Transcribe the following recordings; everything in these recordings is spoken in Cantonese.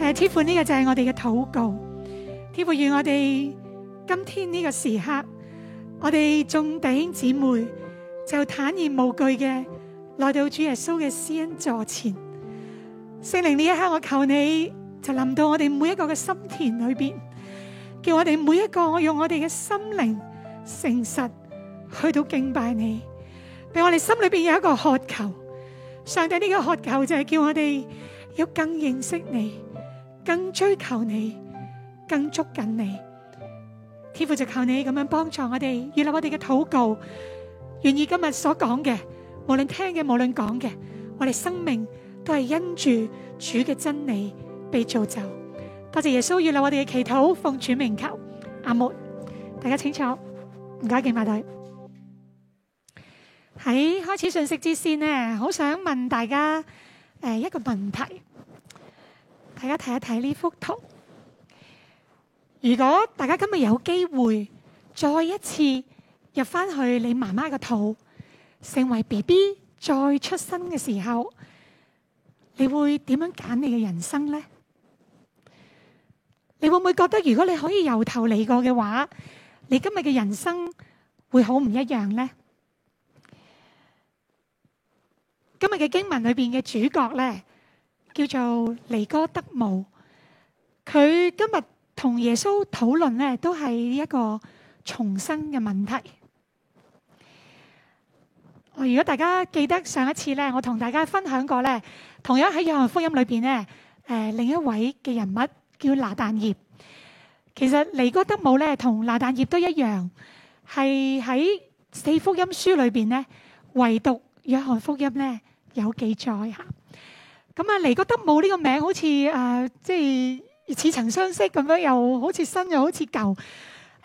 誒，天父呢個就係我哋嘅禱告，天父與我哋今天呢個時刻，我哋眾弟兄姊妹就坦然無懼嘅來到主耶穌嘅施恩座前，聖靈呢一刻我求你就臨到我哋每一個嘅心田裏邊，叫我哋每一個我用我哋嘅心靈誠實去到敬拜你，俾我哋心裏邊有一個渴求，上帝呢個渴求就係叫我哋要更認識你。更追求你，更捉緊你，天父就求你咁樣幫助我哋，預立我哋嘅禱告，願意今日所講嘅，無論聽嘅，無論講嘅，我哋生命都係因住主嘅真理被造就。多謝耶穌，預立我哋嘅祈禱，奉主名求阿門。大家請坐，唔該見埋底。喺開始訊息之先呢，好想問大家誒一個問題。大家睇一睇呢幅圖。如果大家今日有機會再一次入翻去你媽媽個肚，成為 BB 再出生嘅時候，你會點樣揀你嘅人生呢？你會唔會覺得如果你可以由頭嚟過嘅話，你今日嘅人生會好唔一樣呢？今日嘅經文裏邊嘅主角呢，叫做尼哥德慕，佢今日同耶穌討論呢，都係一個重生嘅問題。我如果大家記得上一次呢，我同大家分享過呢，同樣喺約翰福音裏邊呢，誒另一位嘅人物叫拿但業。其實尼哥德慕呢同拿但業都一樣，係喺四福音書裏邊呢，唯獨約翰福音呢有記載吓。咁啊、呃即係呃，尼哥德慕、啊、呢個名好似誒，即係似曾相識咁樣，又好似新又好似舊。誒、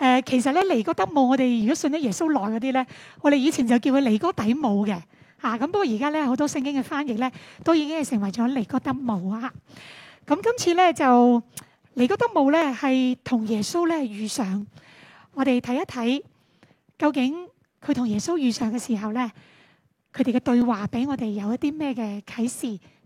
啊，其實咧，尼哥德慕，我哋如果信咗耶穌耐嗰啲咧，我哋以前就叫佢尼哥底慕嘅嚇。咁不過而家咧，好多聖經嘅翻譯咧，都已經係成為咗尼哥德慕啊。咁今次咧就尼哥德慕咧係同耶穌咧遇上，我哋睇一睇究竟佢同耶穌遇上嘅時候咧，佢哋嘅對話俾我哋有一啲咩嘅啟示。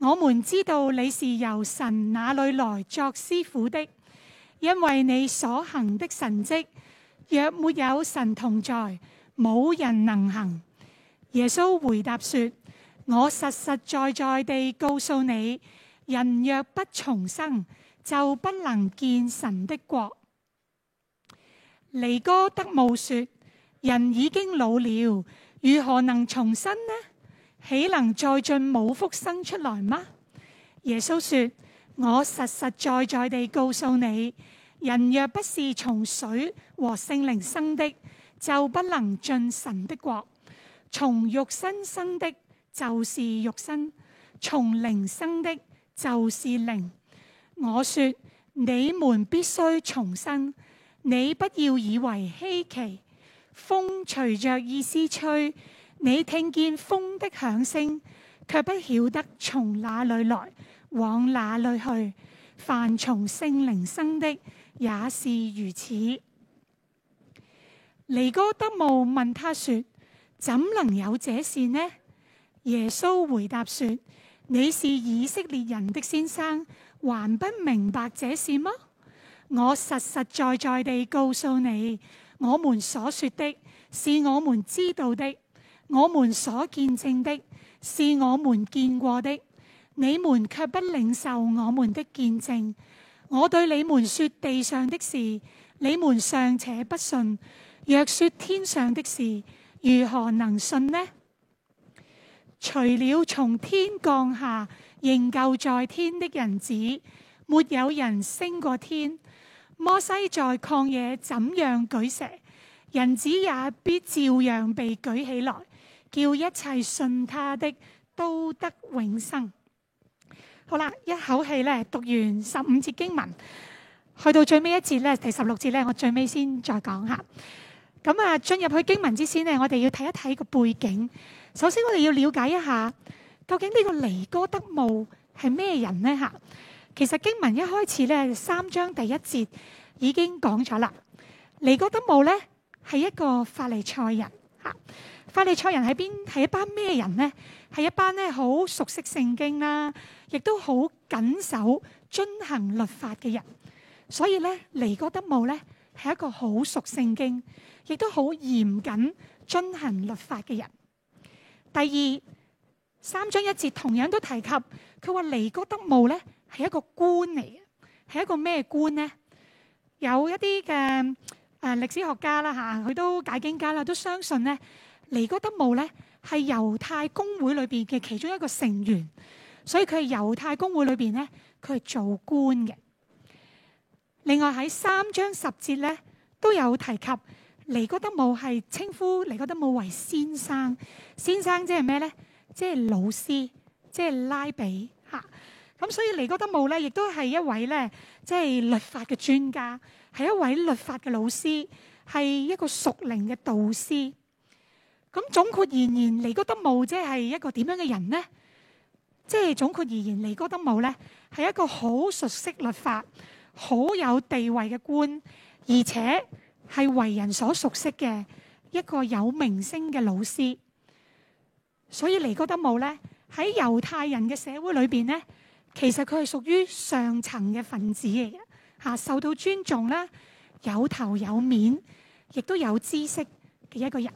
我們知道你是由神那裏來作師傅的，因為你所行的神跡，若沒有神同在，冇人能行。耶穌回答說：我實實在在地告訴你，人若不重生，就不能見神的國。尼哥德慕說：人已經老了，如何能重生呢？豈能再進母腹生出來嗎？耶穌說：我實實在在地告訴你，人若不是從水和聖靈生的，就不能進神的國。從肉身生的，就是肉身；從靈生的，就是靈。我說你們必須重生，你不要以為稀奇。風隨着意思吹。你聽見風的響聲，却不曉得從哪裏來，往哪裏去。凡從聖靈生的也是如此。尼哥德慕問他說：怎能有這事呢？耶穌回答說：你是以色列人的先生，還不明白這事嗎？我實實在在地告訴你，我們所說的是我們知道的。我們所見證的，是我們見過的；你們卻不領受我們的見證。我對你們說地上的事，你們尚且不信，若說天上的事，如何能信呢？除了從天降下仍舊在天的人子，沒有人升過天。摩西在曠野怎樣舉蛇，人子也必照樣被舉起來。叫一切信他的都得永生。好啦，一口氣咧讀完十五節經文，去到最尾一節咧，第十六節咧，我最尾先再講下。咁啊，進入去經文之先呢，我哋要睇一睇個背景。首先，我哋要了解一下究竟呢個尼哥德慕係咩人呢？吓，其實經文一開始咧，三章第一節已經講咗啦。尼哥德慕咧係一個法利賽人吓。法利賽人喺邊？係一班咩人呢？係一班咧好熟悉聖經啦，亦都好謹守遵行律法嘅人。所以咧，尼哥德慕咧係一個好熟悉聖經，亦都好嚴謹遵行律法嘅人。第二三章一節同樣都提及，佢話尼哥德慕咧係一個官嚟嘅，係一個咩官呢？有一啲嘅誒歷史學家啦嚇，佢都解經家啦，都相信咧。尼哥德慕咧係猶太公會裏邊嘅其中一個成員，所以佢係猶太公會裏邊咧，佢係做官嘅。另外喺三章十節咧都有提及，尼哥德慕係稱呼尼哥德慕為先生。先生即係咩咧？即係老師，即係拉比嚇。咁所以尼哥德慕咧亦都係一位咧，即係律法嘅專家，係一位律法嘅老師，係一個屬靈嘅導師。咁總括而言，尼哥德慕即係一個點樣嘅人呢？即係總括而言，尼哥德慕呢係一個好熟悉律法、好有地位嘅官，而且係為人所熟悉嘅一個有名聲嘅老師。所以尼哥德慕呢，喺猶太人嘅社會裏邊呢，其實佢係屬於上層嘅分子嚟嘅，嚇，受到尊重啦，有頭有面，亦都有知識嘅一個人。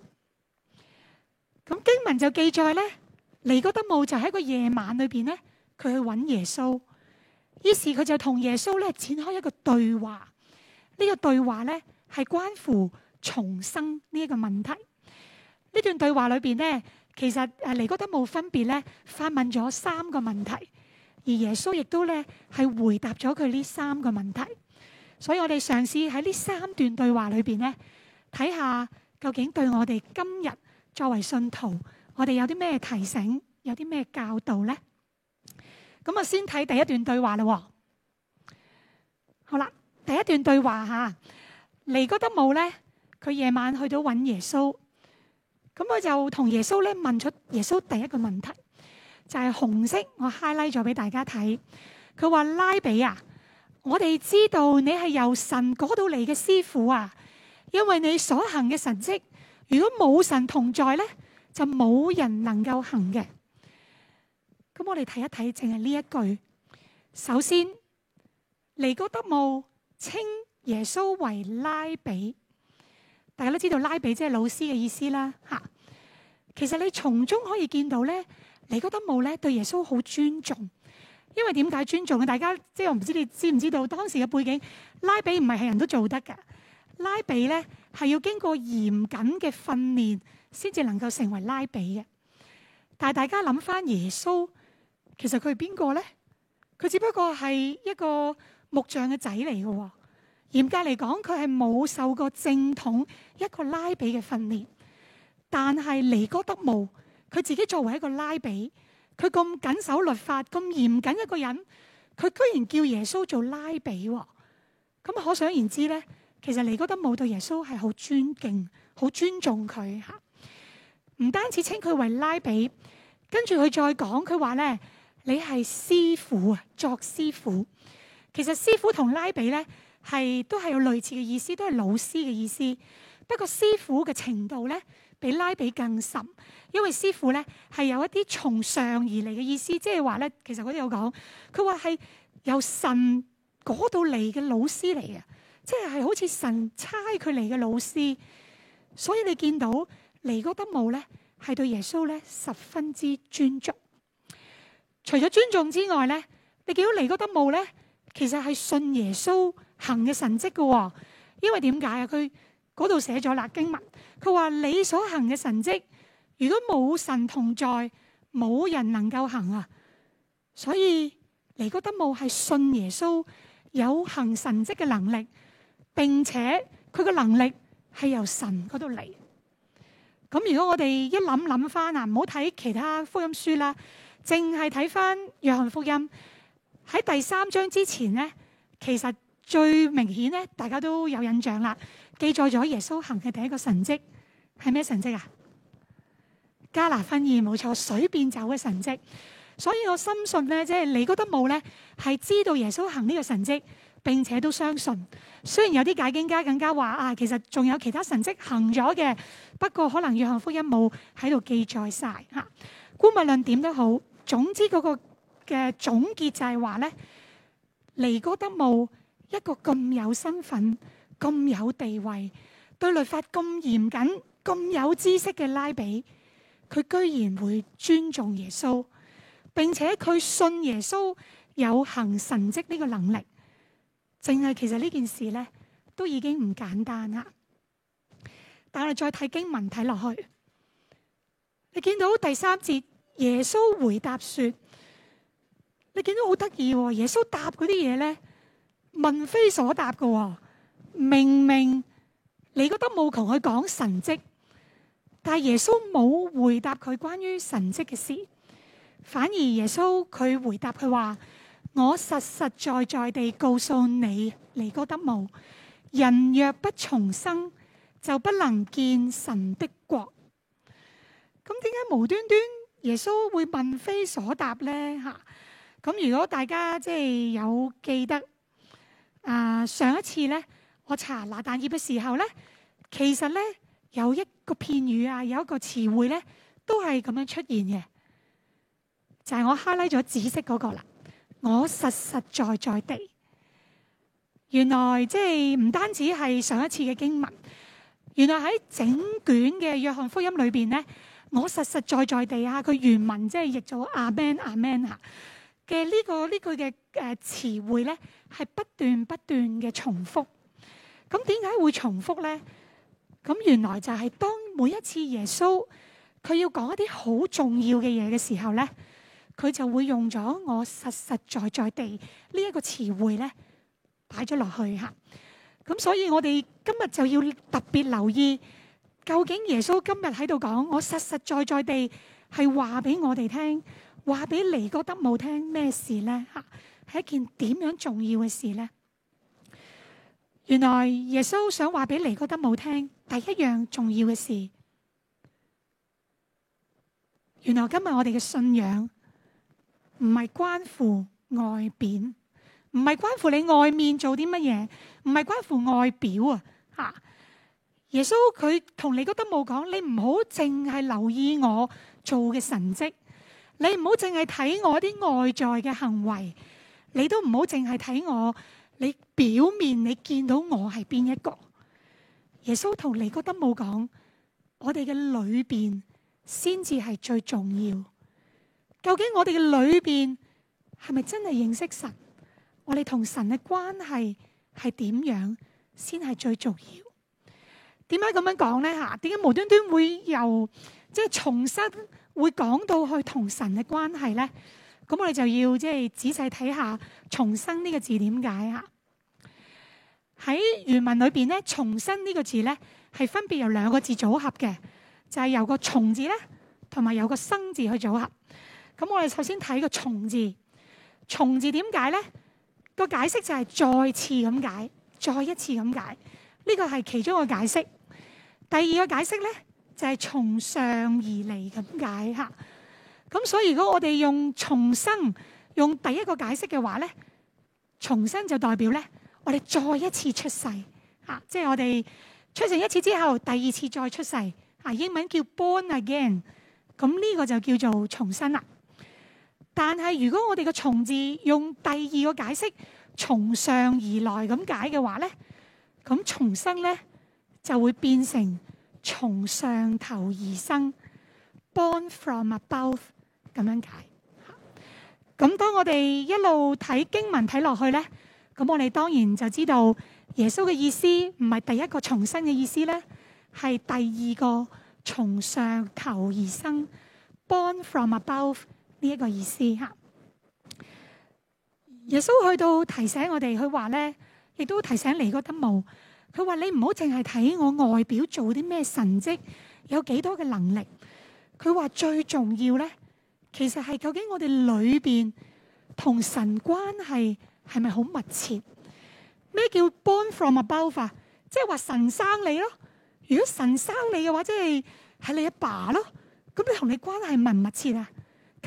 咁經文就記載咧，尼哥德慕就喺個夜晚裏邊咧，佢去揾耶穌，於是佢就同耶穌咧展開一個對話。呢個對話咧係關乎重生呢一個問題。呢段對話裏邊咧，其實誒尼哥德慕分別咧發問咗三個問題，而耶穌亦都咧係回答咗佢呢三個問題。所以我哋嘗試喺呢三段對話裏邊咧，睇下究竟對我哋今日，作為信徒，我哋有啲咩提醒，有啲咩教導呢？咁啊，先睇第一段對話啦，哦。好啦，第一段對話吓，尼哥德慕呢，佢夜晚去到揾耶穌，咁佢就同耶穌咧問出耶穌第一個問題，就係紅色我 highlight 咗俾大家睇。佢話拉比啊，我哋知道你係由神嗰度嚟嘅師傅啊，因為你所行嘅神蹟。如果冇神同在咧，就冇人能夠行嘅。咁我哋睇一睇，淨係呢一句。首先，尼哥德慕稱耶穌為拉比。大家都知道拉比即係老師嘅意思啦，嚇。其實你從中可以見到咧，尼哥德慕咧對耶穌好尊重。因為點解尊重啊？大家即係我唔知你知唔知道當時嘅背景，拉比唔係係人都做得㗎。拉比咧。係要經過嚴謹嘅訓練先至能夠成為拉比嘅。但係大家諗翻耶穌，其實佢係邊個呢？佢只不過係一個木匠嘅仔嚟嘅。嚴格嚟講，佢係冇受過正統一個拉比嘅訓練。但係尼哥德慕，佢自己作為一個拉比，佢咁謹守律法，咁嚴謹一個人，佢居然叫耶穌做拉比。咁可想而知呢。其實尼哥德慕對耶穌係好尊敬、好尊重佢吓，唔單止稱佢為拉比，跟住佢再講佢話咧：你係師傅啊，作師傅。其實師傅同拉比咧係都係有類似嘅意思，都係老師嘅意思。不過師傅嘅程度咧比拉比更深，因為師傅咧係有一啲從上而嚟嘅意思，即係話咧，其實嗰啲有講，佢話係由神嗰度嚟嘅老師嚟嘅。即係好似神差佢嚟嘅老師，所以你見到尼哥德慕呢，係對耶穌呢十分之尊重。除咗尊重之外呢，你見到尼哥德慕呢，其實係信耶穌行嘅神蹟嘅。因為點解啊？佢嗰度寫咗喇經文，佢話你所行嘅神蹟，如果冇神同在，冇人能夠行啊。所以尼哥德慕係信耶穌有行神蹟嘅能力。並且佢嘅能力係由神嗰度嚟。咁如果我哋一諗諗翻啊，唔好睇其他福音書啦，淨係睇翻《約翰福音》喺第三章之前咧，其實最明顯咧，大家都有印象啦，記載咗耶穌行嘅第一個神跡係咩神跡啊？迦拿婚宴，冇錯，水變酒嘅神跡。所以我深信咧，即係你覺得冇咧，係知道耶穌行呢個神跡。並且都相信，雖然有啲解經家更加話啊，其實仲有其他神跡行咗嘅，不過可能《約翰福音》冇喺度記載晒吓，姑勿論點都好，總之嗰個嘅總結就係話咧，尼哥德慕一個咁有身份、咁有地位、對律法咁嚴謹、咁有知識嘅拉比，佢居然會尊重耶穌，並且佢信耶穌有行神跡呢個能力。淨係其實呢件事咧都已經唔簡單啦。但係再睇經文睇落去，你見到第三節耶穌回答說，你見到好得意喎，耶穌答嗰啲嘢咧問非所答噶、哦，明明你覺得冇同佢講神蹟，但係耶穌冇回答佢關於神蹟嘅事，反而耶穌佢回答佢話。我實實在在地告訴你，尼哥德慕，人若不重生，就不能見神的國。咁點解無端端耶穌會問非所答呢？吓，咁如果大家即係有記得，啊、呃，上一次呢我查拿但業嘅時候呢，其實呢有一個片語啊，有一個詞彙呢都係咁樣出現嘅，就係、是、我哈拉咗紫色嗰個啦。我實實在在地，原來即係唔單止係上一次嘅經文，原來喺整卷嘅約翰福音裏面咧，我實實在在地啊，佢原文即係譯咗、啊：這個「阿 men 阿 men 啊嘅呢個呢句嘅誒詞彙咧，係不斷不斷嘅重複。咁點解會重複咧？咁原來就係當每一次耶穌佢要講一啲好重要嘅嘢嘅時候咧。佢就會用咗我實實在在地呢一個詞彙呢，擺咗落去吓。咁所以我哋今日就要特別留意，究竟耶穌今日喺度講，我實實在在地係話俾我哋聽，話俾尼哥德慕聽咩事呢吓？係一件點樣重要嘅事呢？原來耶穌想話俾尼哥德慕聽第一樣重要嘅事，原來今日我哋嘅信仰。唔係關乎外面，唔係關乎你外面做啲乜嘢，唔係關乎外表啊！吓，耶穌佢同尼哥德慕講：你唔好淨係留意我做嘅神蹟，你唔好淨係睇我啲外在嘅行為，你都唔好淨係睇我，你表面你見到我係邊一個？耶穌同尼哥德慕講：我哋嘅裏面先至係最重要。究竟我哋嘅裏邊係咪真係認識神？我哋同神嘅關係係點樣先係最重要？點解咁樣講呢？吓，點解無端端會由即係、就是、重生會講到去同神嘅關係呢？咁我哋就要即係仔細睇下重生呢個字點解啊？喺原文裏邊呢，「重生呢個字呢，係分別由兩個字組合嘅，就係、是、由個重字呢，同埋有個生字去組合。咁我哋首先睇個重字，重字點解咧？個解釋就係再次咁解，再一次咁解。呢個係其中一個解釋。第二個解釋咧，就係從上而嚟咁解吓。咁所以如果我哋用重生，用第一個解釋嘅話咧，重生就代表咧，我哋再一次出世吓，即係我哋出世一次之後第二次再出世嚇。英文叫 born again。咁呢個就叫做重生啦。但係如果我哋嘅從字用第二個解釋從上而來咁解嘅話呢，咁重生呢，就會變成從上頭而生，born from above 咁樣解。咁當我哋一路睇經文睇落去呢，咁我哋當然就知道耶穌嘅意思唔係第一個重生嘅意思呢，係第二個從上頭而生，born from above。呢一個意思吓，耶穌去到提醒我哋，佢話咧，亦都提醒尼哥德慕，佢話，你唔好淨係睇我外表做啲咩神蹟，有幾多嘅能力。佢話最重要咧，其實係究竟我哋裏面同神關係係咪好密切？咩叫 born from above？啊，即係話神生你咯。如果神生你嘅話，即係係你阿爸咯。咁你同你關係密唔密切啊？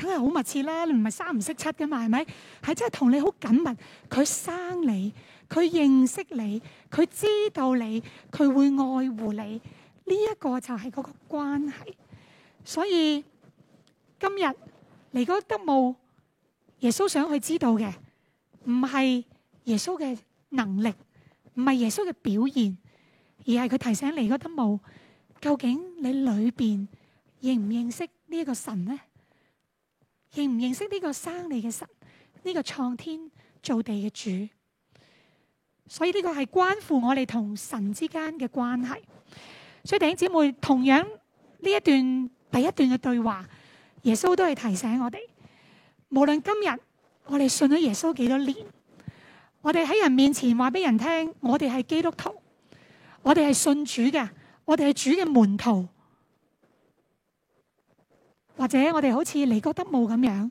梗係好密切啦，你唔係三唔識七嘅嘛，係咪？係真係同你好緊密。佢生你，佢認識你，佢知道你，佢會愛護你。呢、這、一個就係嗰個關係。所以今日尼哥德慕，耶穌想去知道嘅唔係耶穌嘅能力，唔係耶穌嘅表現，而係佢提醒尼哥德慕，究竟你裏邊認唔認識呢一個神呢？」認唔認識呢個生你嘅神，呢個創天造地嘅主？所以呢個係關乎我哋同神之間嘅關係。所以弟兄姊妹，同樣呢一段第一段嘅對話，耶穌都係提醒我哋：無論今日我哋信咗耶穌幾多年，我哋喺人面前話俾人聽，我哋係基督徒，我哋係信主嘅，我哋係主嘅門徒。或者我哋好似尼哥德慕咁樣，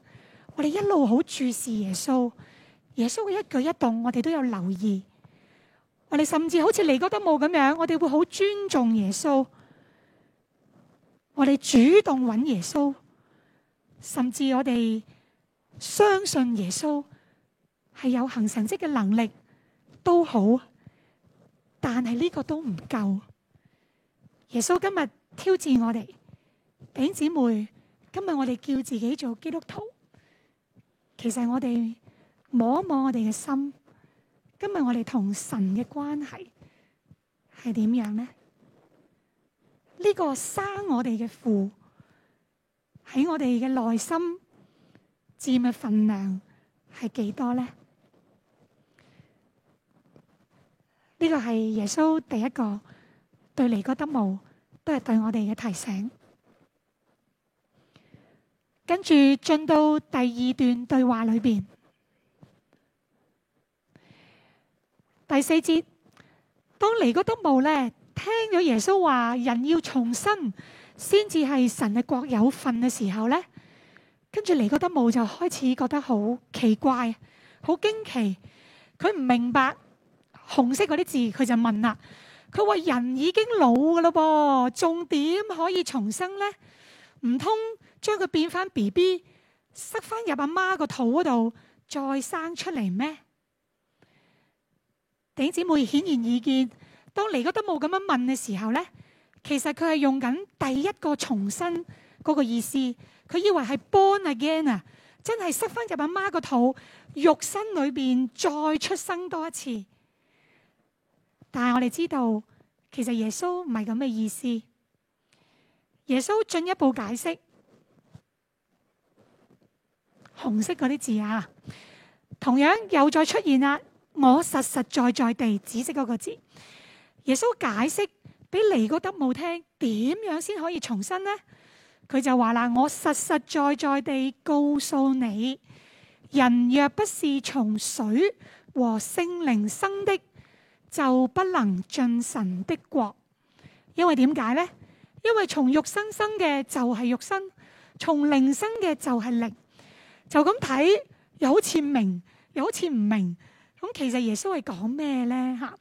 我哋一路好注視耶穌，耶穌嘅一舉一動我哋都有留意。我哋甚至好似尼哥德慕咁樣，我哋會好尊重耶穌，我哋主動揾耶穌，甚至我哋相信耶穌係有行神蹟嘅能力都好，但係呢個都唔夠。耶穌今日挑戰我哋，弟兄姊妹。今日我哋叫自己做基督徒，其實我哋摸一摸我哋嘅心。今日我哋同神嘅關係係點樣呢？呢個生我哋嘅父喺我哋嘅內心佔嘅分量係幾多呢？呢個係耶穌第一個對尼哥德慕都係對我哋嘅提醒。跟住進到第二段對話裏邊，第四節，當尼哥德慕咧聽咗耶穌話人要重生，先至係神嘅國有份嘅時候咧，跟住尼哥德慕就開始覺得好奇怪，好驚奇，佢唔明白紅色嗰啲字，佢就問啦：佢話人已經老噶啦噃，仲點可以重生咧？唔通將佢變翻 B B，塞翻入阿媽個肚嗰度，再生出嚟咩？弟兄姊妹顯然易見，當尼哥德慕咁樣問嘅時候咧，其實佢係用緊第一個重生嗰個意思，佢以為係 born again 啊，真係塞翻入阿媽個肚，肉身裏邊再出生多一次。但係我哋知道，其實耶穌唔係咁嘅意思。耶穌進一步解釋紅色嗰啲字啊，同樣又再出現啦。我實實在在地紫色嗰個字，耶穌解釋俾尼哥德慕聽，點樣先可以重生呢？佢就話啦：我實實在在地告訴你，人若不是從水和聖靈生的，就不能進神的國。因為點解呢？因為從肉身生嘅就係肉身，從靈生嘅就係靈，就咁睇又好似明又好似唔明，咁其實耶穌係講咩咧嚇？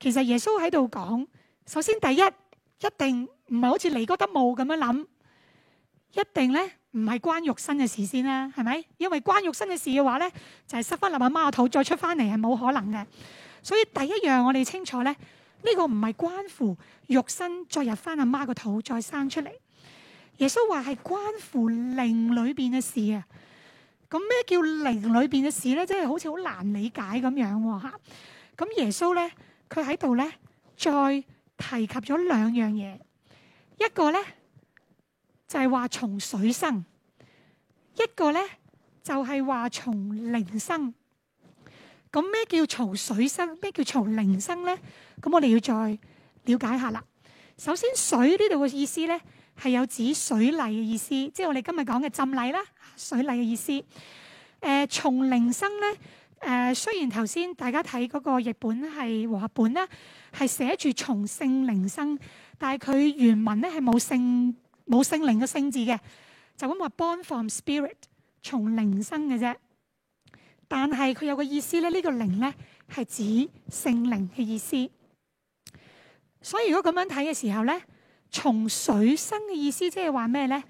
其實耶穌喺度講，首先第一一定唔係好似尼哥德慕咁樣諗，一定咧唔係關肉身嘅事先啦，係咪？因為關肉身嘅事嘅話咧，就係塞翻落阿媽個肚再出翻嚟係冇可能嘅，所以第一樣我哋清楚咧。呢個唔係關乎肉身再入翻阿媽個肚再生出嚟，耶穌話係關乎靈裏邊嘅事啊！咁咩叫靈裏邊嘅事呢？即係好似好難理解咁樣喎。咁耶穌呢，佢喺度呢，再提及咗兩樣嘢，一個呢，就係話從水生，一個呢，就係話從靈生。咁咩叫從水生？咩叫從靈生咧？咁我哋要再了解下啦。首先，水呢度嘅意思咧，係有指水禮嘅意思，即係我哋今日講嘅浸禮啦，水禮嘅意思。誒，從靈生咧，誒，雖然頭先大家睇嗰個譯本係和合本啦，係寫住從聖靈生，但係佢原文咧係冇聖冇聖靈嘅聖字嘅，就咁話 born from spirit 從靈生嘅啫。但係佢有個意思咧，呢、這個靈咧係指聖靈嘅意思。所以如果咁樣睇嘅時候咧，從水生嘅意思即係話咩咧？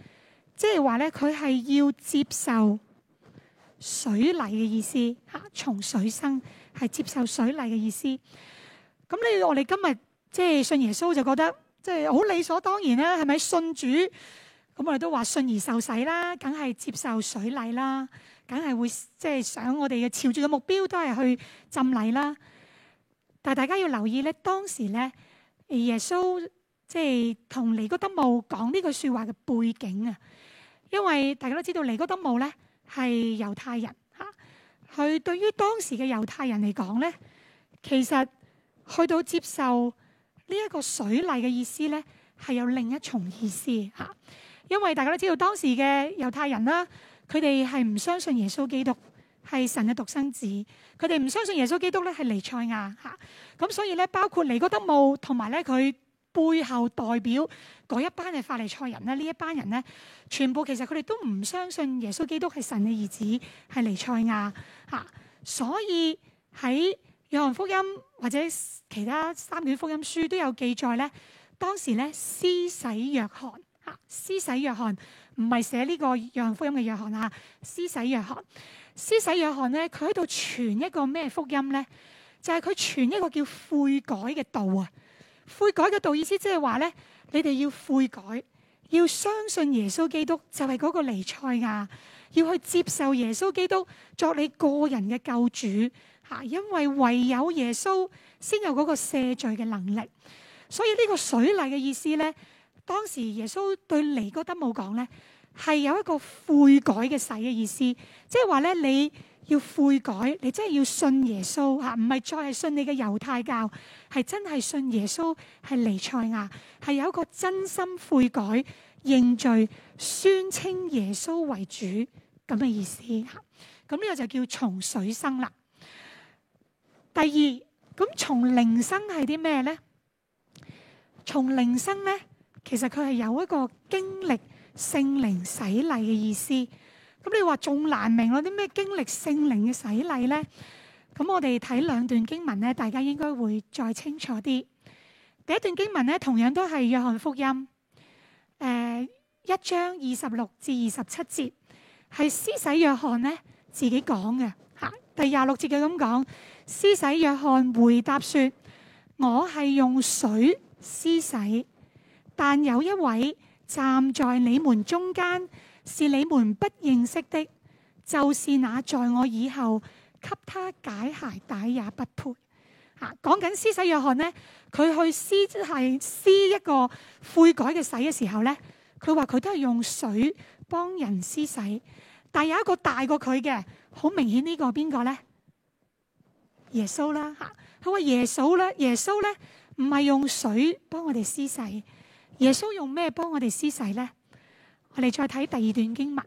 即係話咧佢係要接受水禮嘅意思嚇，從水生係接受水禮嘅意思。咁你我哋今日即係信耶穌就覺得即係好理所當然啦，係咪信主？咁我哋都話信而受洗啦，梗係接受水禮啦。梗係會即係想我哋嘅朝住嘅目標都係去浸禮啦。但係大家要留意咧，當時咧，耶穌即係同尼哥德慕講呢句説話嘅背景啊。因為大家都知道尼哥德慕咧係猶太人嚇，佢對於當時嘅猶太人嚟講咧，其實去到接受呢一個水禮嘅意思咧，係有另一重意思嚇。因為大家都知道當時嘅猶太人啦。佢哋係唔相信耶穌基督係神嘅獨生子，佢哋唔相信耶穌基督咧係彌賽亞嚇，咁、啊、所以咧，包括尼哥德慕同埋咧佢背後代表嗰一班嘅法利賽人咧，一人呢一班人咧全部其實佢哋都唔相信耶穌基督係神嘅兒子，係彌賽亞嚇，所以喺約翰福音或者其他三卷福音書都有記載咧，當時咧施洗約翰嚇，施、啊、洗約翰。唔係寫呢個約翰福音嘅約翰啦嚇，啊、施洗約翰。施洗約翰咧，佢喺度傳一個咩福音咧？就係、是、佢傳一個叫悔改嘅道啊！悔改嘅道意思即係話咧，你哋要悔改，要相信耶穌基督，就係嗰個尼賽亞，要去接受耶穌基督作你個人嘅救主嚇、啊，因為唯有耶穌先有嗰個赦罪嘅能力。所以呢個水禮嘅意思咧。當時耶穌對尼哥德慕講呢係有一個悔改嘅洗嘅意思，即係話呢你要悔改，你真係要信耶穌啊，唔係再係信你嘅猶太教，係真係信耶穌，係尼賽亞，係有一個真心悔改、認罪、宣稱耶穌為主咁嘅、這個、意思。咁、這、呢個就叫從水生啦。第二，咁從靈生係啲咩呢？從靈生呢？其實佢係有一個經歷聖靈洗禮嘅意思。咁你話仲難明咯？啲咩經歷聖靈嘅洗禮呢？咁我哋睇兩段經文呢，大家應該會再清楚啲。第一段經文呢，同樣都係約翰福音，誒一章二十六至二十七節係施洗約翰呢自己講嘅嚇。第二十六節就咁講：施洗約翰回答說，我係用水施洗。但有一位站在你們中間，是你們不認識的，就是那在我以後給他解鞋帶也不配。吓、啊，講緊施洗約翰呢，佢去施係施一個悔改嘅洗嘅時候呢，佢話佢都係用水幫人施洗，但有一個大過佢嘅，好明顯呢個係邊個呢？耶穌啦吓，佢、啊、話耶穌咧，耶穌呢，唔係用水幫我哋施洗。耶穌用咩幫我哋施洗咧？我哋再睇第二段經文，《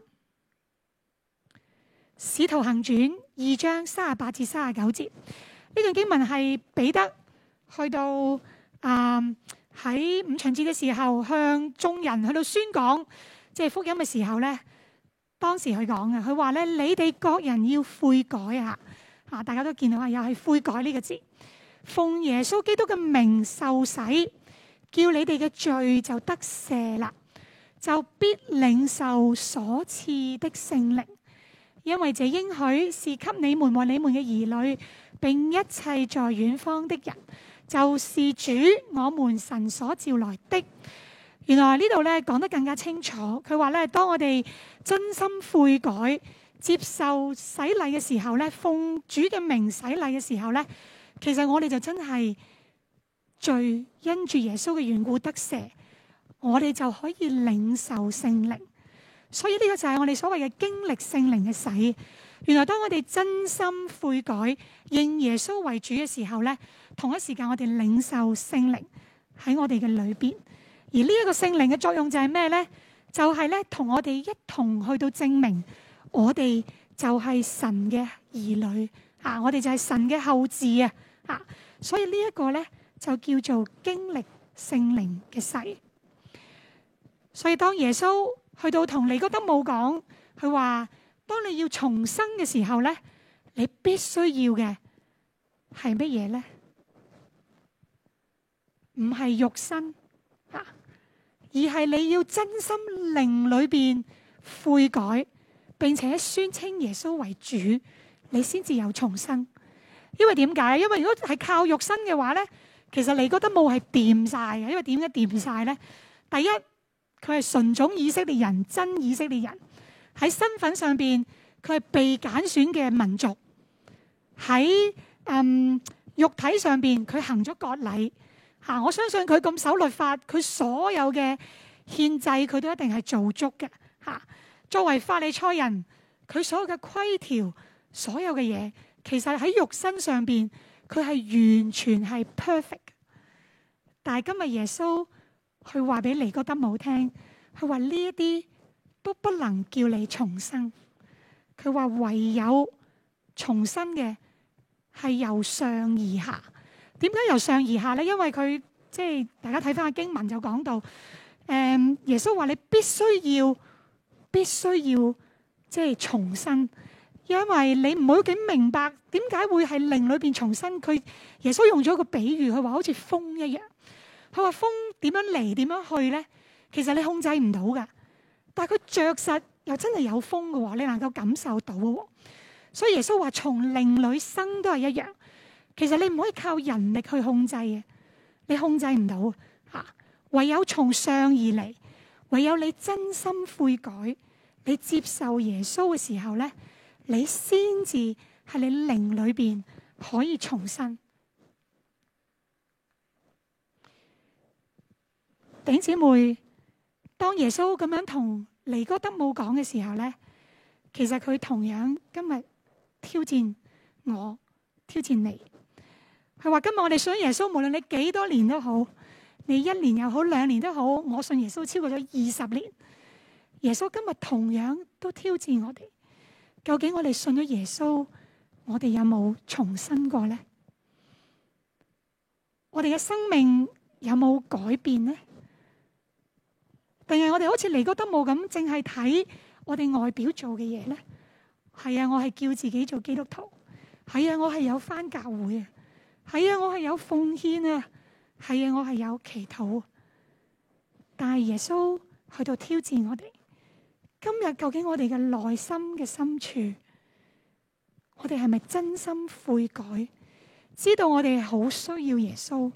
使徒行傳》二章三十八至三十九節。呢段經文係彼得去到啊喺、呃、五旬節嘅時候，向眾人去到宣講即係福音嘅時候咧，當時佢講嘅，佢話咧，你哋各人要悔改啊！啊，大家都見到啊，又係悔改呢個字，奉耶穌基督嘅名受洗。叫你哋嘅罪就得赦啦，就必領受所賜的聖靈，因為這應許是給你們和你們嘅兒女，並一切在遠方的人，就是主我們神所召來的。原來呢度咧講得更加清楚，佢話咧，當我哋真心悔改、接受洗禮嘅時候咧，奉主嘅名洗禮嘅時候咧，其實我哋就真係。罪因住耶穌嘅緣故得赦，我哋就可以領受聖靈。所以呢個就係我哋所謂嘅經歷聖靈嘅洗。原來當我哋真心悔改，認耶穌為主嘅時候咧，同一時間我哋領受聖靈喺我哋嘅裏邊。而呢一個聖靈嘅作用就係咩咧？就係咧同我哋一同去到證明我哋就係神嘅兒女，吓，我哋就係神嘅後嗣啊！吓，所以呢一個咧。就叫做經歷聖靈嘅洗。所以當耶穌去到同尼哥德慕講，佢話：當你要重生嘅時候咧，你必須要嘅係乜嘢咧？唔係肉身啊，而係你要真心靈裏邊悔改，並且宣稱耶穌為主，你先至有重生。因為點解？因為如果係靠肉身嘅話咧？其實你覺得冇係掂晒嘅，因為點解掂晒呢？第一，佢係純種以色列人，真以色列人喺身份上邊，佢係被揀選嘅民族。喺嗯肉體上邊，佢行咗割禮嚇、啊。我相信佢咁守律法，佢所有嘅獻祭，佢都一定係做足嘅嚇、啊。作為法利賽人，佢所有嘅規條，所有嘅嘢，其實喺肉身上邊。佢係完全係 perfect，但係今日耶穌佢話俾尼哥德慕聽，佢話呢一啲都不能叫你重生。佢話唯有重生嘅係由上而下，點解由上而下呢？因為佢即係大家睇翻個經文就講到，誒耶穌話你必須要必須要即係重生。因為你唔好幾明白點解會係靈裏邊重生，佢耶穌用咗個比喻，佢話好似風一樣。佢話風點樣嚟，點樣去呢？其實你控制唔到噶，但係佢着實又真係有風嘅話，你能夠感受到。所以耶穌話從靈裏生都係一樣。其實你唔可以靠人力去控制嘅，你控制唔到啊。唯有從上而嚟，唯有你真心悔改，你接受耶穌嘅時候呢。你先至喺你靈裏邊可以重生。頂姐妹！當耶穌咁樣同尼哥德慕講嘅時候呢，其實佢同樣今日挑戰我，挑戰你，佢話今日我哋信耶穌，無論你幾多年都好，你一年又好，兩年都好，我信耶穌超過咗二十年，耶穌今日同樣都挑戰我哋。究竟我哋信咗耶穌，我哋有冇重生過咧？我哋嘅生命有冇改變咧？定係我哋好似尼哥德慕咁，淨係睇我哋外表做嘅嘢咧？係啊，我係叫自己做基督徒，係啊，我係有翻教會啊，係啊，我係有奉獻啊，係啊，我係有祈禱，但係耶穌去到挑戰我哋。今日究竟我哋嘅內心嘅深處，我哋係咪真心悔改？知道我哋好需要耶穌，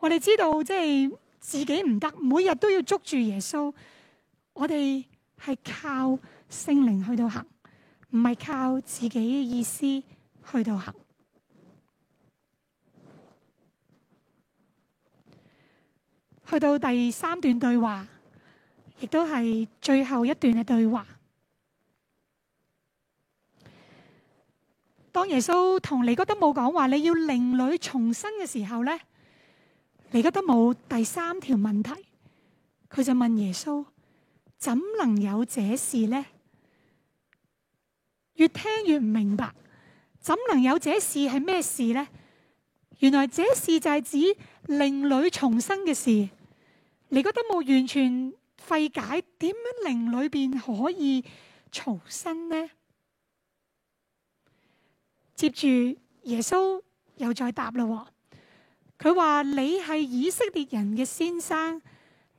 我哋知道即係自己唔得，每日都要捉住耶穌。我哋係靠聖靈去到行，唔係靠自己嘅意思去到行。去到第三段對話。亦都係最後一段嘅對話。當耶穌同尼哥德慕講話，你要另女重生嘅時候呢，尼哥德慕第三條問題，佢就問耶穌：怎能有這事呢？越聽越唔明白，怎能有這事係咩事呢？原來這事就係指另女重生嘅事。尼哥德慕完全。費解，點樣靈裏邊可以重生呢？接住耶穌又再答啦、哦，佢話你係以色列人嘅先生，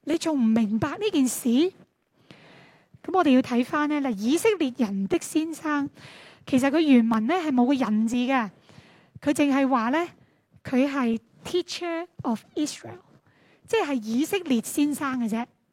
你仲唔明白呢件事？咁我哋要睇翻呢，嗱，以色列人的先生，其實佢原文咧係冇個人字」字嘅，佢淨係話咧佢係 Teacher of Israel，即係以色列先生嘅啫。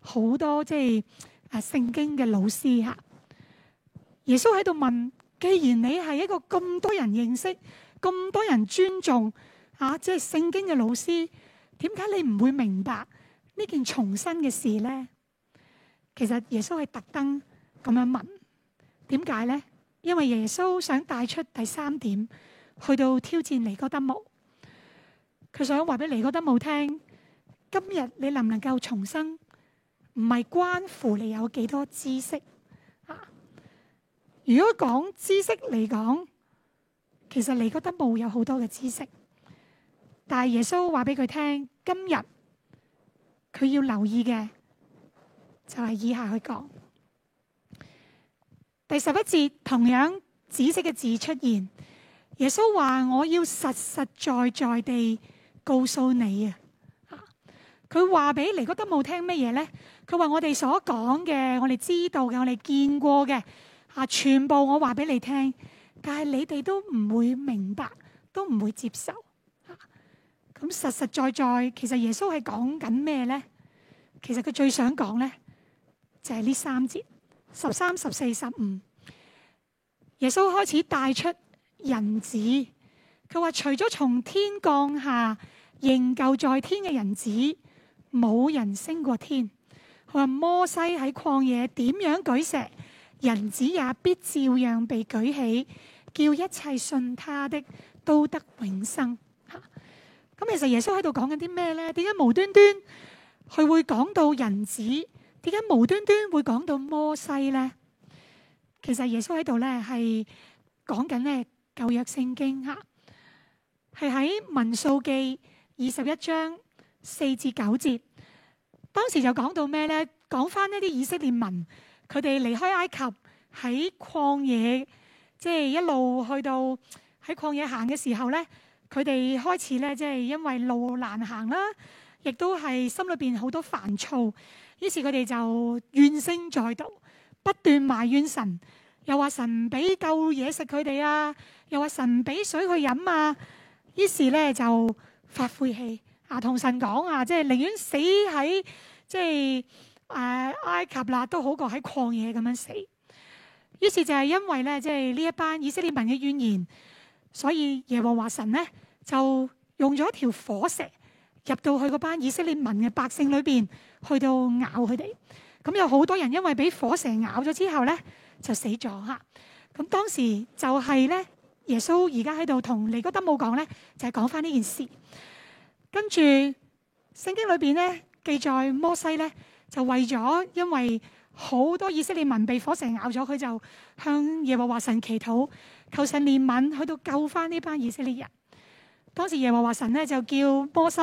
好多即係啊，聖經嘅老師吓。耶穌喺度問，既然你係一個咁多人認識、咁多人尊重啊，即係聖經嘅老師，點解你唔會明白呢件重生嘅事咧？其實耶穌係特登咁樣問，點解咧？因為耶穌想帶出第三點，去到挑戰尼哥德慕。佢想話俾尼哥德慕聽，今日你能唔能夠重生？唔係關乎你有幾多知識啊！如果講知識嚟講，其實你覺得冇有好多嘅知識，但係耶穌話俾佢聽，今日佢要留意嘅就係以下佢講第十一節，同樣紫色嘅字出現。耶穌話：我要實實在在地告訴你啊！佢話俾尼哥德慕聽乜嘢呢？佢話我哋所講嘅，我哋知道嘅，我哋見過嘅，啊，全部我話俾你聽，但係你哋都唔會明白，都唔會接受。咁實實在在，其實耶穌係講緊咩呢？其實佢最想講呢，就係呢三節十三、十四、十五。耶穌開始帶出人子，佢話除咗從天降下仍舊在天嘅人子。冇人升過天。佢話摩西喺曠野點樣舉蛇，人子也必照樣被舉起，叫一切信他的都得永生。吓、啊，咁其實耶穌喺度講緊啲咩呢？點解無端端佢會講到人子？點解無端端會講到摩西呢？其實耶穌喺度呢係講緊咧舊約聖經吓，係喺民數記二十一章。四至九節，當時就講到咩呢？講翻呢啲以色列民，佢哋離開埃及喺曠野，即係一路去到喺曠野行嘅時候呢，佢哋開始呢，即係因為路難行啦，亦都係心裏邊好多煩躁，於是佢哋就怨聲載道，不斷埋怨神，又話神唔俾夠嘢食佢哋啊，又話神唔俾水佢飲啊，於是呢，就發晦氣。啊，同神講啊，即係寧願死喺即係誒、呃、埃及啦，都好過喺曠野咁樣死。於是就係因為咧，即係呢一班以色列民嘅怨言，所以耶和華神咧就用咗條火蛇入到去嗰班以色列民嘅百姓裏邊，去到咬佢哋。咁有好多人因為俾火蛇咬咗之後咧，就死咗嚇。咁當時就係咧，耶穌而家喺度同尼哥德慕講咧，就係、是、講翻呢件事。跟住聖經裏邊咧，記載，摩西咧就為咗因為好多以色列民被火蛇咬咗，佢就向耶和華神祈禱，求神憐憫，去到救翻呢班以色列人。當時耶和華神咧就叫摩西，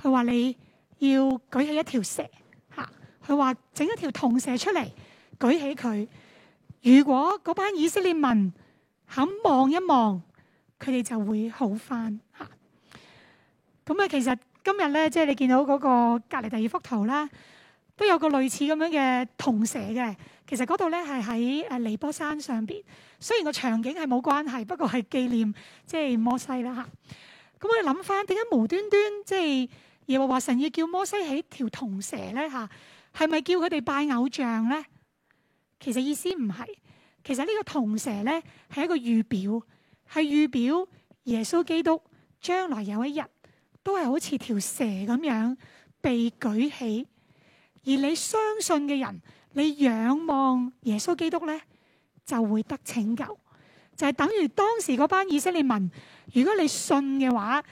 佢話你要舉起一條蛇，吓佢話整一條銅蛇出嚟，舉起佢。如果嗰班以色列民肯望一望，佢哋就會好翻。咁啊，其實今日咧，即係你見到嗰個隔籬第二幅圖啦，都有個類似咁樣嘅銅蛇嘅。其實嗰度咧係喺誒尼波山上邊，雖然個場景係冇關係，不過係紀念即係、就是、摩西啦吓，咁、啊、我哋諗翻點解無端端即、就、係、是、耶和華神要叫摩西起條銅蛇咧吓，係、啊、咪叫佢哋拜偶像咧？其實意思唔係，其實呢個銅蛇咧係一個預表，係預表耶穌基督將來有一日。都係好似條蛇咁樣被舉起，而你相信嘅人，你仰望耶穌基督呢，就會得拯救。就係、是、等於當時嗰班以色列民，如果你信嘅話，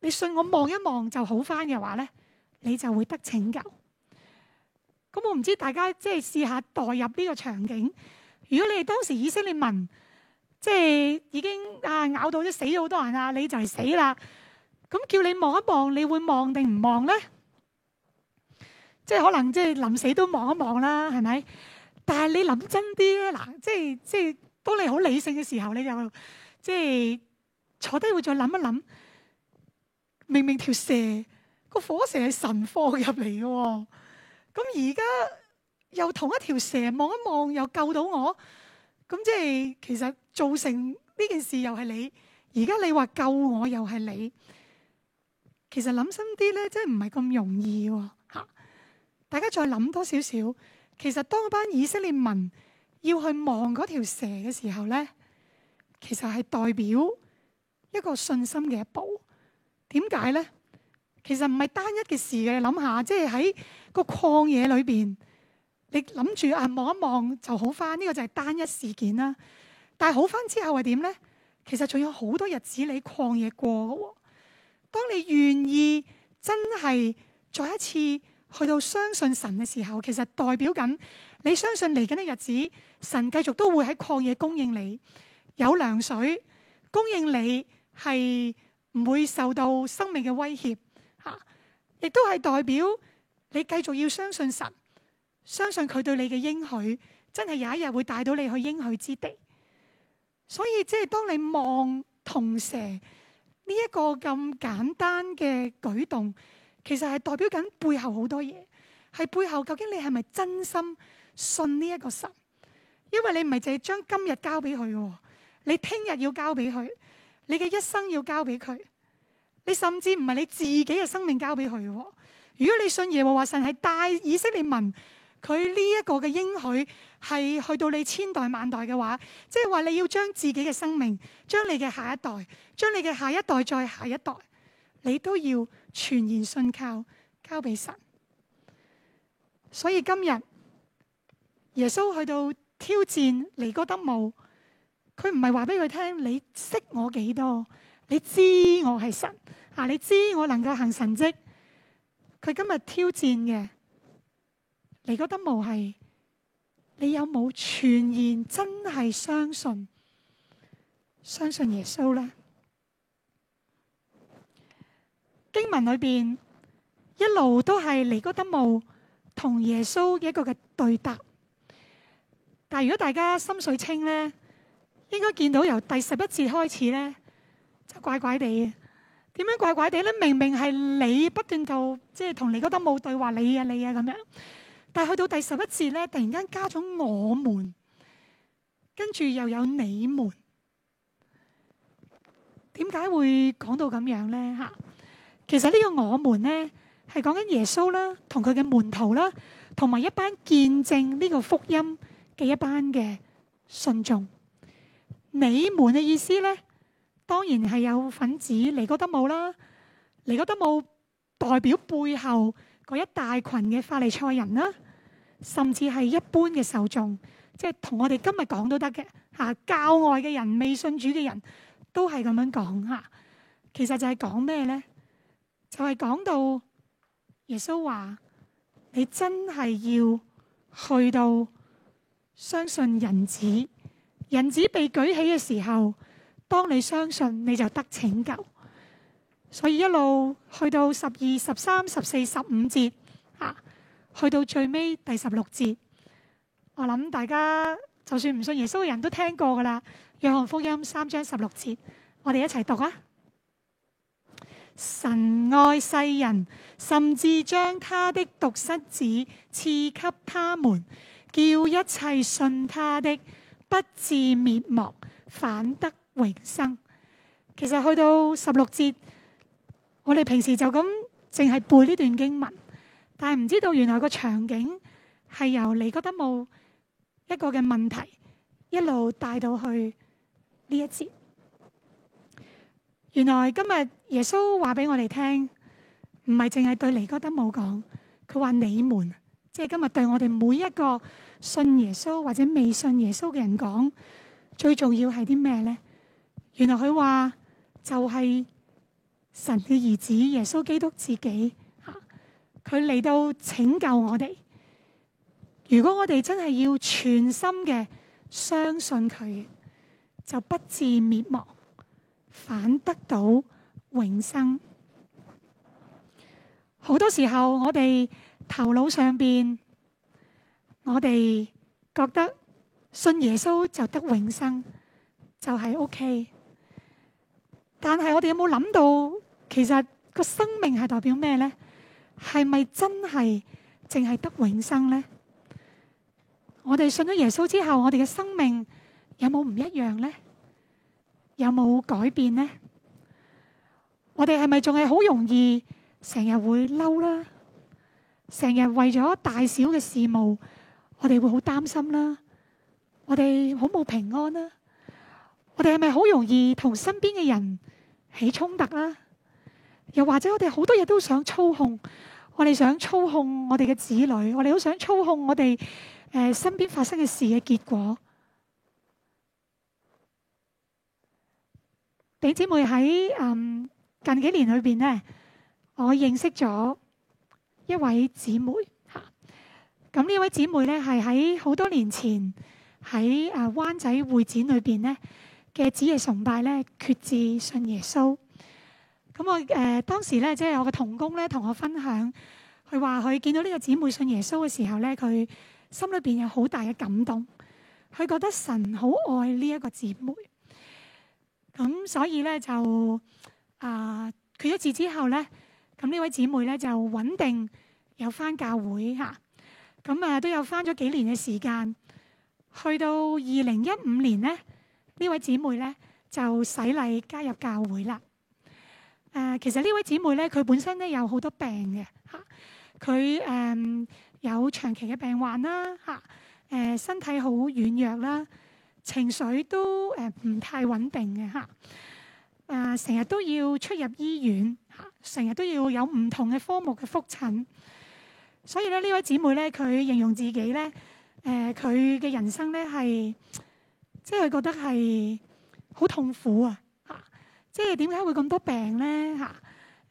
你信我望一望就好返嘅話呢，你就會得拯救。咁、嗯、我唔知大家即係試下代入呢個場景。如果你哋當時以色列民即係已經啊咬到死咗好多人啊，你就係死啦。咁叫你望一望，你會望定唔望咧？即係可能即係臨死都望一望啦，係咪？但係你諗真啲咧嗱，即係即係當你好理性嘅時候，你就即係坐低會再諗一諗。明明條蛇、個火蛇係神放入嚟嘅，咁而家又同一條蛇望一望，又救到我。咁即係其實造成呢件事又係你，而家你話救我又係你。其實諗深啲咧，真係唔係咁容易喎嚇！大家再諗多少少，其實當班以色列民要去望嗰條蛇嘅時候咧，其實係代表一個信心嘅一步。點解咧？其實唔係單一嘅事嘅，你諗下，即係喺個曠野裏邊，你諗住啊望一望就好翻，呢個就係單一事件啦。但係好翻之後係點咧？其實仲有好多日子你曠野過噶當你願意真係再一次去到相信神嘅時候，其實代表緊你相信嚟緊啲日子，神繼續都會喺曠野供應你有涼水，供應你係唔會受到生命嘅威脅吓，亦都係代表你繼續要相信神，相信佢對你嘅應許，真係有一日會帶到你去應許之地。所以即係當你望銅蛇，呢一個咁簡單嘅舉動，其實係代表緊背後好多嘢，係背後究竟你係咪真心信呢一個神？因為你唔係淨係將今日交俾佢，你聽日要交俾佢，你嘅一生要交俾佢，你甚至唔係你自己嘅生命交俾佢。如果你信耶和華神，係帶以色列民，佢呢一個嘅應許。係去到你千代萬代嘅話，即係話你要將自己嘅生命，將你嘅下一代，將你嘅下一代再下一代，你都要全然信靠交俾神。所以今日耶穌去到挑戰尼哥德慕，佢唔係話俾佢聽你識我幾多，你知我係神啊，你知我能夠行神蹟。佢今日挑戰嘅尼哥德慕係。你有冇全然真係相信相信耶穌咧？經文裏邊一路都係尼哥德慕同耶穌嘅一個嘅對答，但係如果大家心水清咧，應該見到由第十一節開始咧，就怪怪地，點樣怪怪地咧？明明係你不斷就即係同尼哥德慕對話，你啊你啊咁樣。但係去到第十一節咧，突然間加咗我們，跟住又有你們，點解會講到咁樣咧？吓，其實呢個我們咧係講緊耶穌啦，同佢嘅門徒啦，同埋一班見證呢個福音嘅一班嘅信眾。你們嘅意思咧，當然係有份子，尼哥德慕啦，尼哥德慕代表背後嗰一大群嘅法利賽人啦。甚至係一般嘅受眾，即係同我哋今日講都得嘅嚇，教外嘅人、未信主嘅人都係咁樣講嚇。其實就係講咩呢？就係、是、講到耶穌話：你真係要去到相信人子，人子被舉起嘅時候，當你相信你就得拯救。所以一路去到十二、十三、十四、十五節嚇。去到最尾第十六節，我諗大家就算唔信耶穌嘅人都聽過噶啦。約翰福音三章十六節，我哋一齊讀啊！神愛世人，甚至將他的獨生子賜給他們，叫一切信他的不至滅亡，反得永生。其實去到十六節，我哋平時就咁淨係背呢段經文。但係唔知道，原來個場景係由尼哥德慕一個嘅問題一路帶到去呢一節。原來今日耶穌話俾我哋聽，唔係淨係對尼哥德慕講，佢話你們，即係今日對我哋每一個信耶穌或者未信耶穌嘅人講，最重要係啲咩呢？原來佢話就係神嘅兒子耶穌基督自己。佢嚟到拯救我哋。如果我哋真係要全心嘅相信佢，就不至滅亡，反得到永生。好多時候我哋頭腦上邊，我哋覺得信耶穌就得永生，就係 OK。但係我哋有冇諗到，其實個生命係代表咩咧？係咪真係淨係得永生呢？我哋信咗耶穌之後，我哋嘅生命有冇唔一樣呢？有冇改變呢？我哋係咪仲係好容易成日會嬲啦？成日為咗大小嘅事務，我哋會好擔心啦。我哋好冇平安啦。我哋係咪好容易同身邊嘅人起衝突啦？又或者我哋好多嘢都想操控。我哋想操控我哋嘅子女，我哋好想操控我哋誒身邊發生嘅事嘅結果。弟兄姊妹喺嗯近幾年裏邊咧，我認識咗一位姊妹嚇。咁、啊、呢位姊妹咧，係喺好多年前喺啊灣仔會展裏邊咧嘅主日崇拜咧決志信耶穌。咁我誒、呃、當時咧，即係我嘅同工咧，同我分享，佢話佢見到呢個姊妹信耶穌嘅時候咧，佢心裏邊有好大嘅感動，佢覺得神好愛呢一個姊妹。咁所以咧就、呃、一呢呢就啊，決咗志之後咧，咁呢位姊妹咧就穩定有翻教會嚇，咁啊都有翻咗幾年嘅時間。去到二零一五年咧，位姐呢位姊妹咧就洗禮加入教會啦。誒、呃，其實位姐呢位姊妹咧，佢本身咧有好多病嘅嚇，佢誒、呃、有長期嘅病患啦嚇，誒、呃、身體好軟弱啦，情緒都誒唔、呃、太穩定嘅嚇，誒、呃、成日都要出入醫院嚇，成日都要有唔同嘅科目嘅覆診，所以咧呢位姊妹咧，佢形容自己咧，誒佢嘅人生咧係，即係、就是、佢覺得係好痛苦啊！即係點解會咁多病咧？嚇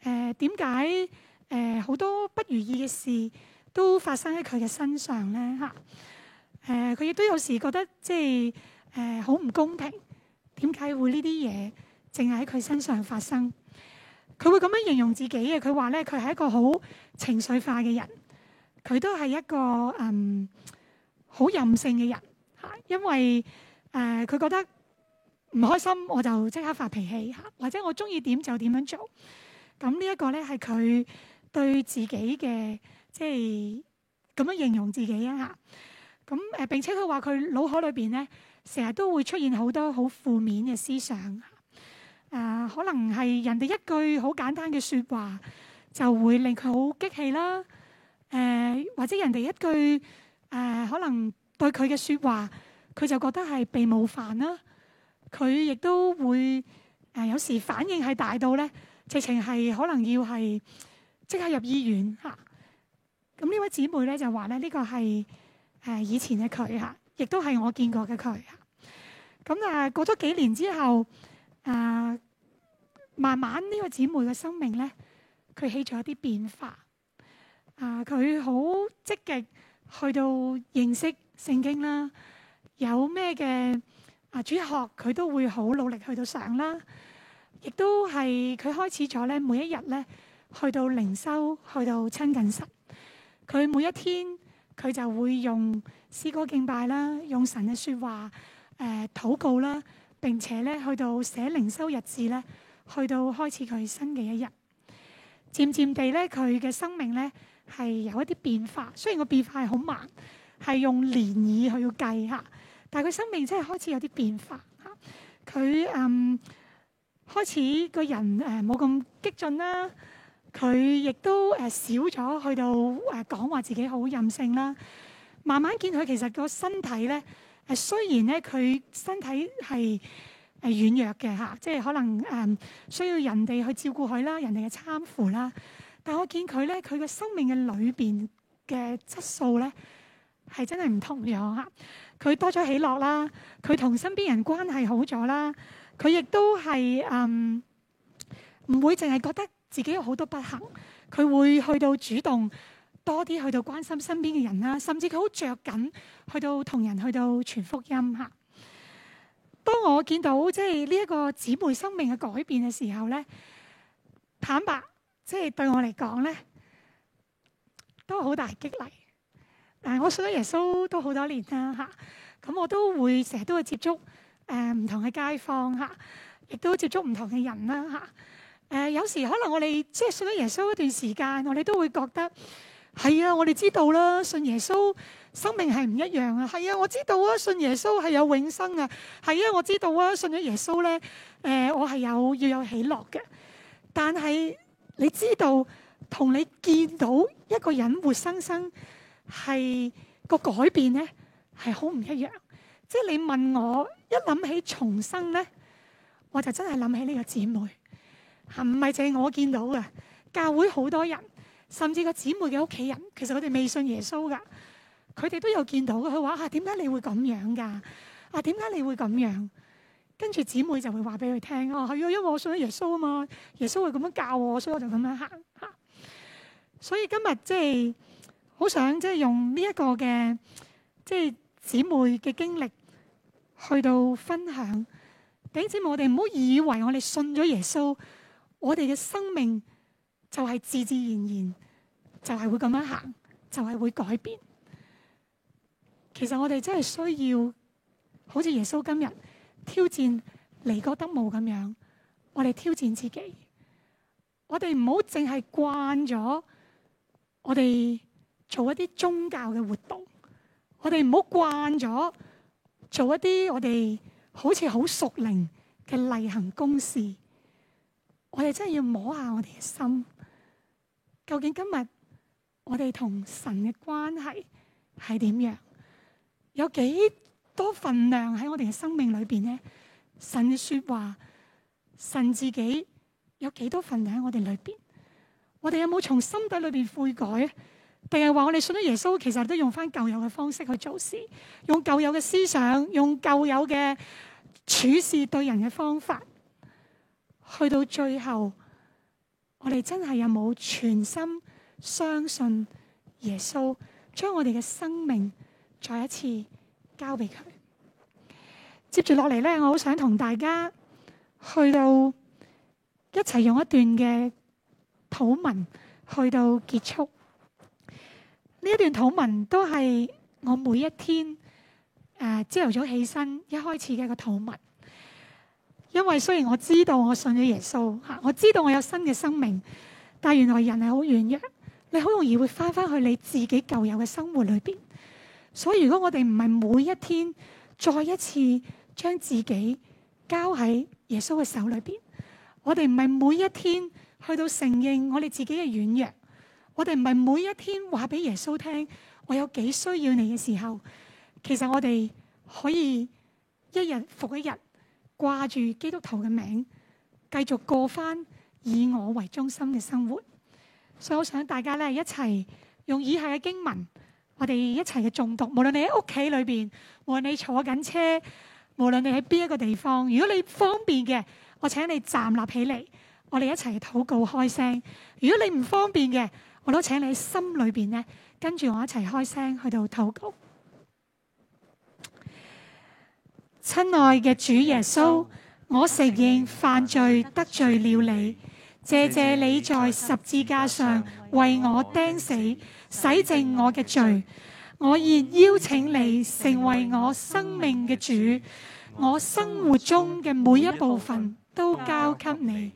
誒點解誒好多不如意嘅事都發生喺佢嘅身上咧？嚇誒佢亦都有時覺得即係誒好唔公平，點解會呢啲嘢淨係喺佢身上發生？佢會咁樣形容自己嘅，佢話咧佢係一個好情緒化嘅人，佢都係一個嗯好任性嘅人嚇、啊，因為誒佢、呃、覺得。唔開心我就即刻發脾氣嚇，或者我中意點就點樣做。咁呢一個呢，係佢對自己嘅，即係咁樣形容自己啊嚇。咁誒，並且佢話佢腦海裏邊呢，成日都會出現好多好負面嘅思想。誒、啊，可能係人哋一句好簡單嘅説話就會令佢好激氣啦。誒、啊，或者人哋一句誒、啊，可能對佢嘅説話，佢就覺得係被冒犯啦。佢亦都會誒、呃，有時反應係大到咧，直情係可能要係即刻入醫院。嚇、啊。咁呢位姊妹咧就話咧，呢、這個係誒、呃、以前嘅佢嚇，亦都係我見過嘅佢嚇。咁啊過咗幾年之後啊，慢慢呢個姊妹嘅生命咧，佢起咗一啲變化。啊，佢好積極去到認識聖經啦、啊，有咩嘅？主學佢都會好努力去到上啦，亦都係佢開始咗咧，每一日咧去到靈修，去到親近神。佢每一天佢就會用詩歌敬拜啦，用神嘅説話誒禱、呃、告啦，並且咧去到寫靈修日誌咧，去到開始佢新嘅一日。漸漸地咧，佢嘅生命咧係有一啲變化，雖然個變化係好慢，係用年嚟去計吓。但係佢生命真係開始有啲變化嚇，佢嗯開始個人誒冇咁激進啦。佢亦都誒、呃、少咗去到誒、呃、講話自己好任性啦。慢慢見佢其實個身體咧誒，雖然咧佢身體係誒軟弱嘅嚇、啊，即係可能誒、嗯、需要人哋去照顧佢啦，人哋嘅攙扶啦、啊。但我見佢咧，佢嘅生命嘅裏邊嘅質素咧係真係唔同樣嚇。啊。佢多咗喜樂啦，佢同身邊人關係好咗啦，佢亦都係嗯唔會淨係覺得自己有好多不幸，佢會去到主動多啲去到關心身邊嘅人啦，甚至佢好着緊去到同人去到傳福音哈、啊。當我見到即係呢一個姊妹生命嘅改變嘅時候咧，坦白即係、就是、對我嚟講咧，都好大激勵。我信咗耶穌都好多年啦嚇，咁、啊、我都會成日都會接觸誒唔同嘅街坊嚇，亦、啊、都接觸唔同嘅人啦嚇。誒、啊啊、有時可能我哋即係信咗耶穌一段時間，我哋都會覺得係啊，我哋知道啦，信耶穌生命係唔一樣啊。係啊，我知道啊，信耶穌係有永生啊。係、呃、啊，我知道啊，信咗耶穌咧，誒我係有要有喜樂嘅。但係你知道同你見到一個人活生生。係個改變咧，係好唔一樣。即係你問我，一諗起重生咧，我就真係諗起呢個姊妹吓，唔係淨係我見到嘅。教會好多人，甚至個姊妹嘅屋企人，其實佢哋未信耶穌噶，佢哋都有見到嘅。佢話吓，點解你會咁樣噶？啊，點解你會咁樣？跟住姊妹就會話俾佢聽，哦，係啊，因為我信咗耶穌啊嘛，耶穌會咁樣教我，所以我就咁樣行吓。所以今日即係。好想即係用呢一個嘅即係姊妹嘅經歷去到分享，俾姐妹，我哋唔好以為我哋信咗耶穌，我哋嘅生命就係自自然然就係會咁樣行，就係會改變。其實我哋真係需要好似耶穌今日挑戰尼哥德慕咁樣，我哋挑戰自己。我哋唔好淨係慣咗，我哋。做一啲宗教嘅活動，我哋唔好慣咗做一啲我哋好似好熟靈嘅例行公事。我哋真係要摸下我哋嘅心，究竟今日我哋同神嘅關係係點樣？有幾多份量喺我哋嘅生命裏邊呢？神嘅說話，神自己有幾多份量喺我哋裏邊？我哋有冇從心底裏邊悔改啊？定係話我哋信咗耶穌，其實都用翻舊有嘅方式去做事，用舊有嘅思想，用舊有嘅處事對人嘅方法，去到最後，我哋真係有冇全心相信耶穌，將我哋嘅生命再一次交俾佢？接住落嚟咧，我好想同大家去到一齊用一段嘅禱文去到結束。呢一段禱文都係我每一天朝頭早起身一開始嘅一個禱文，因為雖然我知道我信咗耶穌吓，我知道我有新嘅生命，但原來人係好軟弱，你好容易會翻翻去你自己舊有嘅生活裏邊。所以如果我哋唔係每一天再一次將自己交喺耶穌嘅手裏邊，我哋唔係每一天去到承認我哋自己嘅軟弱。我哋唔係每一天話俾耶穌聽我有幾需要你嘅時候，其實我哋可以一日復一日掛住基督徒嘅名，繼續過翻以我為中心嘅生活。所以我想大家咧一齊用以下嘅經文，我哋一齊嘅重讀。無論你喺屋企裏邊，無論你坐緊車，無論你喺邊一個地方，如果你方便嘅，我請你站立起嚟，我哋一齊禱告開聲。如果你唔方便嘅，我都請你喺心裏邊呢，跟住我一齊開聲去到禱告。親愛嘅主耶穌，我承認犯罪得罪了你。謝謝你在十字架上為我釘死，死洗淨我嘅罪。我願邀請你成為我生命嘅主，我生，主我生活中嘅每一部分都交給你。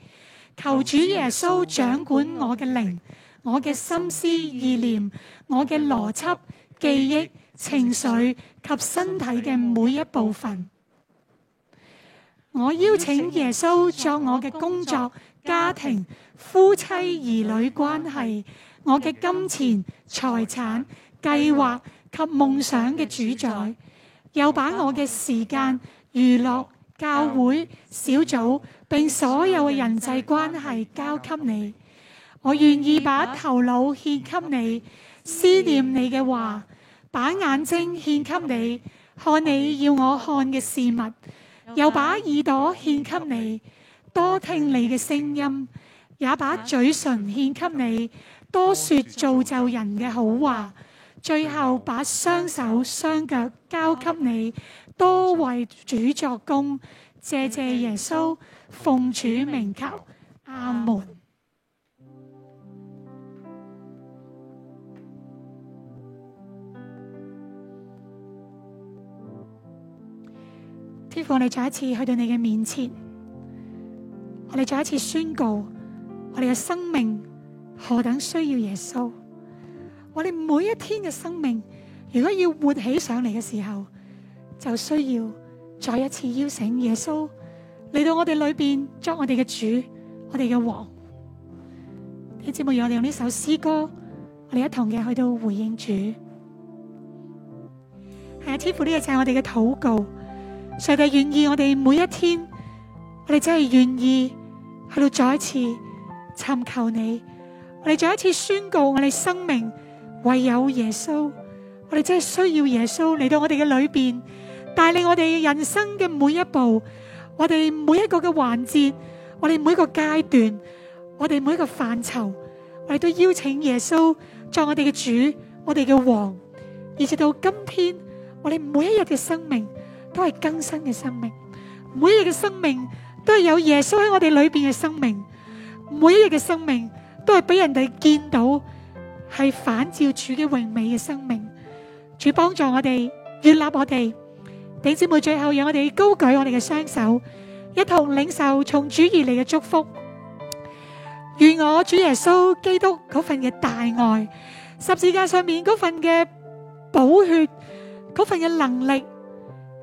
求主耶穌掌管我嘅靈，我嘅心思意念、我嘅邏輯、記憶、情緒及身體嘅每一部分，我邀請耶穌做我嘅工作、家庭、夫妻、兒女關係、我嘅金錢、財產、計劃及夢想嘅主宰，又把我嘅時間、娛樂、教會、小組並所有嘅人際關係交給你。我願意把頭腦獻給你，思念你嘅話；把眼睛獻給你，看你要我看嘅事物；又把耳朵獻給你，多聽你嘅聲音；也把嘴唇獻給你，多說造就人嘅好話；最後把雙手、雙腳交給你，多為主作工。謝謝耶穌，奉主名求，阿門。天父，我哋再一次去到你嘅面前，我哋再一次宣告，我哋嘅生命何等需要耶穌。我哋每一天嘅生命，如果要活起上嚟嘅時候，就需要再一次邀請耶穌嚟到我哋裏邊，作我哋嘅主，我哋嘅王。啲姊妹，我哋用呢首詩歌，我哋一同嘅去到回應主。係啊，天父，呢個就係我哋嘅禱告。上帝願意我哋每一天，我哋真係願意喺度再一次尋求你，我哋再一次宣告我哋生命唯有耶穌，我哋真係需要耶穌嚟到我哋嘅裏邊帶領我哋人生嘅每一步，我哋每一個嘅環節，我哋每一個階段，我哋每一個範疇，我哋都邀請耶穌作我哋嘅主，我哋嘅王，而直到今天我哋每一日嘅生命。都係更新嘅生命，每一日嘅生命都係有耶穌喺我哋裏邊嘅生命。每一日嘅生命都係俾人哋見到係反照主嘅榮美嘅生命。主幫助我哋，建立我哋弟兄姐妹。最後讓我哋高舉我哋嘅雙手，一同領受從主而嚟嘅祝福。願我主耶穌基督嗰份嘅大愛，十字架上面嗰份嘅寶血嗰份嘅能力，